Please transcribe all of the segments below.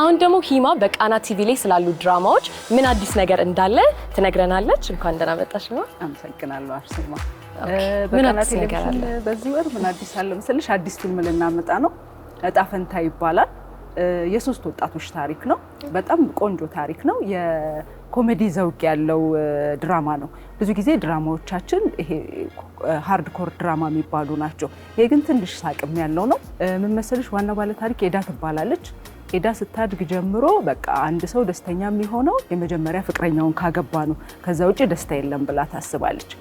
አሁን ደግሞ ሂማ በቃና ቲቪ ላይ ስላሉ ድራማዎች ምን አዲስ ነገር እንዳለ ትነግረናለች። እንኳን ደህና መጣሽ አመሰግናለሁ አርሴማ። በቃና ቴሌቪዥን በዚህ ወር ምን አዲስ አለ መሰለሽ? አዲስ ፊልም ልናመጣ ነው። እጣ ፈንታ ይባላል። የሶስት ወጣቶች ታሪክ ነው። በጣም ቆንጆ ታሪክ ነው። የኮሜዲ ዘውግ ያለው ድራማ ነው። ብዙ ጊዜ ድራማዎቻችን ይሄ ሃርድኮር ድራማ የሚባሉ ናቸው። ይሄ ግን ትንሽ ሳቅም ያለው ነው። ምን መሰልሽ ዋና ባለ ታሪክ ኤዳ ትባላለች። ቄዳ ስታድግ ጀምሮ በቃ አንድ ሰው ደስተኛ የሚሆነው የመጀመሪያ ፍቅረኛውን ካገባ ነው። ከዛ ውጭ ደስታ የለም ብላ ታስባለች።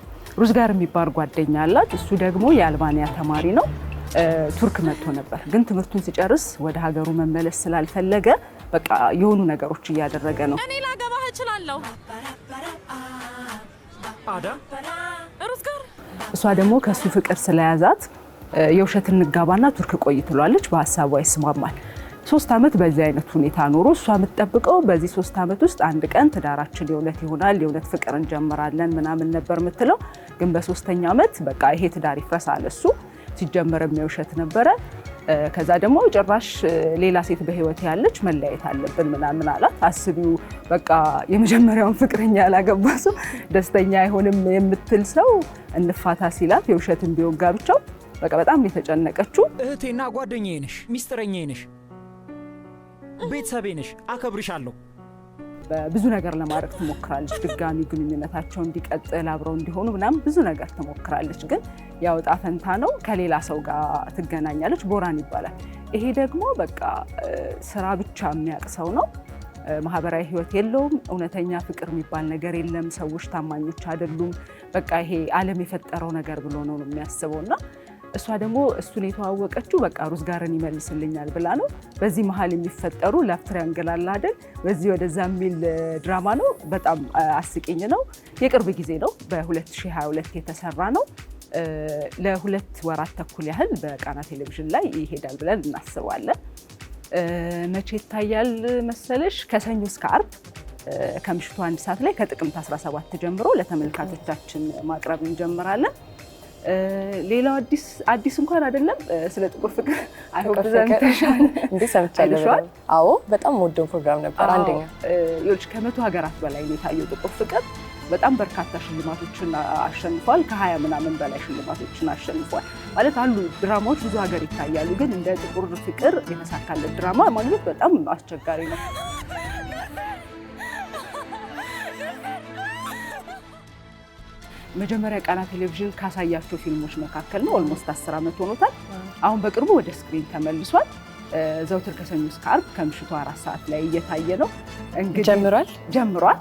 ሩዝ ጋር የሚባል ጓደኛ አላት። እሱ ደግሞ የአልባንያ ተማሪ ነው። ቱርክ መጥቶ ነበር፣ ግን ትምህርቱን ሲጨርስ ወደ ሀገሩ መመለስ ስላልፈለገ በቃ የሆኑ ነገሮች እያደረገ ነው። እኔ ላገባህ እችላለሁ እሷ ደግሞ ከእሱ ፍቅር ስለያዛት የውሸት እንጋባና ቱርክ ቆይ ትሏለች። በሀሳቧ ይስማማል። ሶስት ዓመት በዚህ አይነት ሁኔታ ኖሮ እሷ የምትጠብቀው በዚህ ሶስት ዓመት ውስጥ አንድ ቀን ትዳራችን የእውነት ይሆናል የእውነት ፍቅር እንጀምራለን ምናምን ነበር የምትለው። ግን በሶስተኛ ዓመት በቃ ይሄ ትዳር ይፈሳል። እሱ። ሲጀመር የሚውሸት ነበረ። ከዛ ደግሞ ጭራሽ ሌላ ሴት በህይወት ያለች መለያየት አለብን ምናምን አላት። አስቢው በቃ የመጀመሪያውን ፍቅረኛ ያላገባ ሰው ደስተኛ አይሆንም የምትል ሰው እንፋታ ሲላት የውሸትም ቢሆን ብቻው በቃ በጣም የተጨነቀችው እህቴና ጓደኛዬ ነሽ፣ ሚስጥረኛዬ ነሽ ቤተሰቤ ነሽ፣ አከብርሻለሁ። ብዙ ነገር ለማድረግ ትሞክራለች። ድጋሚ ግንኙነታቸው እንዲቀጥል አብረው እንዲሆኑ ምናምን ብዙ ነገር ትሞክራለች። ግን ያው ዕጣ ፈንታ ነው። ከሌላ ሰው ጋር ትገናኛለች። ቦራን ይባላል። ይሄ ደግሞ በቃ ስራ ብቻ የሚያውቅ ሰው ነው። ማህበራዊ ህይወት የለውም። እውነተኛ ፍቅር የሚባል ነገር የለም። ሰዎች ታማኞች አይደሉም። በቃ ይሄ ዓለም የፈጠረው ነገር ብሎ ነው የሚያስበው እና እሷ ደግሞ እሱን የተዋወቀችው በቃ ሩዝ ጋርን ይመልስልኛል ብላ ነው። በዚህ መሀል የሚፈጠሩ ላቭ ትሪያንግል አለ አይደል? በዚህ ወደዛ የሚል ድራማ ነው። በጣም አስቂኝ ነው። የቅርብ ጊዜ ነው፣ በ2022 የተሰራ ነው። ለሁለት ወራት ተኩል ያህል በቃና ቴሌቪዥን ላይ ይሄዳል ብለን እናስባለን። መቼ ይታያል መሰለሽ? ከሰኞ እስከ አርብ ከምሽቱ አንድ ሰዓት ላይ ከጥቅምት 17 ጀምሮ ለተመልካቾቻችን ማቅረብ እንጀምራለን። ሌላው አዲስ አዲስ እንኳን አይደለም። ስለ ጥቁር ፍቅር አይሆን እንዴ? ሰምቻለሁ። አዎ በጣም ወደን ፕሮግራም ነበር። አንደኛ ይኸውልሽ ከመቶ ሀገራት በላይ የታየው ጥቁር ፍቅር በጣም በርካታ ሽልማቶችን አሸንፏል። ከሀያ ምናምን በላይ ሽልማቶችን አሸንፏል ማለት አሉ። ድራማዎች ብዙ ሀገር ይታያሉ፣ ግን እንደ ጥቁር ፍቅር የተሳካለት ድራማ ማግኘት በጣም አስቸጋሪ ነው። መጀመሪያ ቃና ቴሌቪዥን ካሳያቸው ፊልሞች መካከል ነው። ኦልሞስት አስር ዓመት ሆኖታል። አሁን በቅርቡ ወደ ስክሪን ተመልሷል። ዘውትር ከሰኞ እስከ ዓርብ ከምሽቱ አራት ሰዓት ላይ እየታየ ነው። እንግዲህ ጀምሯል ጀምሯል።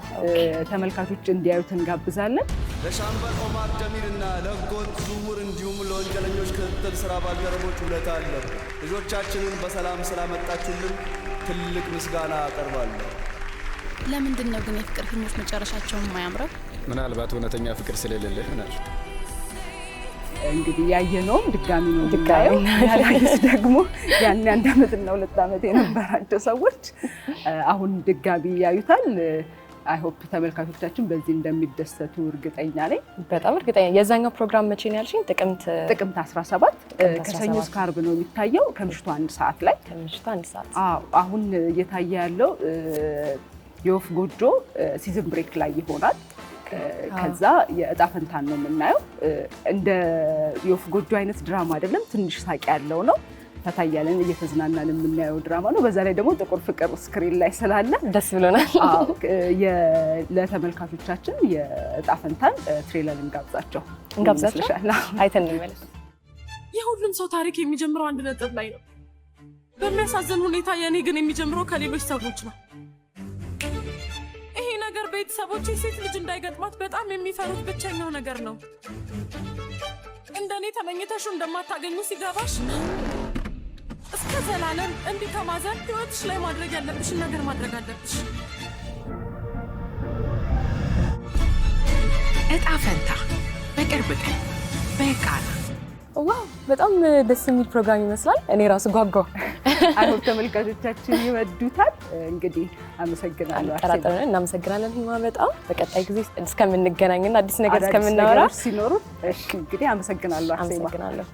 ተመልካቾች እንዲያዩት እንጋብዛለን። ለሻምበል ኦማር ደሚርና ለህገወጥ ዝውውር እንዲሁም ለወንጀለኞች ክትትል ስራ ባልደረቦች ውለታ አለ። ልጆቻችንን በሰላም ስላመጣችሁልን ትልቅ ምስጋና አቀርባለሁ። ለምንድን ነው ግን የፍቅር ፊልሞች መጨረሻቸውን የማያምረው? ምናልባት እውነተኛ ፍቅር ስለሌለ ይሆናል። እንግዲህ ያየ ነውም ድጋሚ ነው ድጋሚ ያላየስ ደግሞ ያን አንድ አመትና ሁለት ዓመት የነበራቸው ሰዎች አሁን ድጋሚ ያዩታል። አይሆፕ ተመልካቾቻችን በዚህ እንደሚደሰቱ እርግጠኛ ነኝ። በጣም እርግጠኛ የዛኛው ፕሮግራም መቼ ነው ያልሽኝ? ጥቅምት ጥቅምት 17 ከሰኞ እስከ አርብ ነው የሚታየው ከምሽቱ አንድ ሰዓት ላይ ከምሽቱ አንድ ሰዓት። አሁን እየታየ ያለው የወፍ ጎጆ ሲዝን ብሬክ ላይ ይሆናል። ከዛ የእጣ ፈንታን ነው የምናየው። እንደ የወፍ ጎጆ አይነት ድራማ አይደለም፣ ትንሽ ሳቅ ያለው ነው። ፈታ እያለን እየተዝናናን የምናየው ድራማ ነው። በዛ ላይ ደግሞ ጥቁር ፍቅር ስክሪን ላይ ስላለ ደስ ብሎናል። ለተመልካቾቻችን የእጣ ፈንታን ትሬለር እንጋብዛቸው እንጋብዛቸው፣ አይተን እንመለስ። የሁሉም ሰው ታሪክ የሚጀምረው አንድ ነጥብ ላይ ነው። በሚያሳዝን ሁኔታ የእኔ ግን የሚጀምረው ከሌሎች ሰዎች ነው። ቤተሰቦች ሴት ልጅ እንዳይገጥማት በጣም የሚፈሩት ብቸኛው ነገር ነው። እንደኔ ተመኝተሹ እንደማታገኙ ሲገባሽ እስከ ዘላለም እንዲህ ከማዘን ህይወትሽ ላይ ማድረግ ያለብሽን ነገር ማድረግ አለብሽ። እጣ ፈንታ በቅርብ ቀን በቃና ዋው በጣም ደስ የሚል ፕሮግራም ይመስላል። እኔ ራሱ ጓጓ። አይሆን ተመልካቾቻችን ይወዱታል። እንግዲህ አመሰግናለሁ። አጠራጠረን እናመሰግናለን ሂማ በጣም በቀጣይ ጊዜ እስከምንገናኝና አዲስ ነገር እስከምናወራ ሲኖሩ እንግዲህ አመሰግናለሁ። አመሰግናለሁ።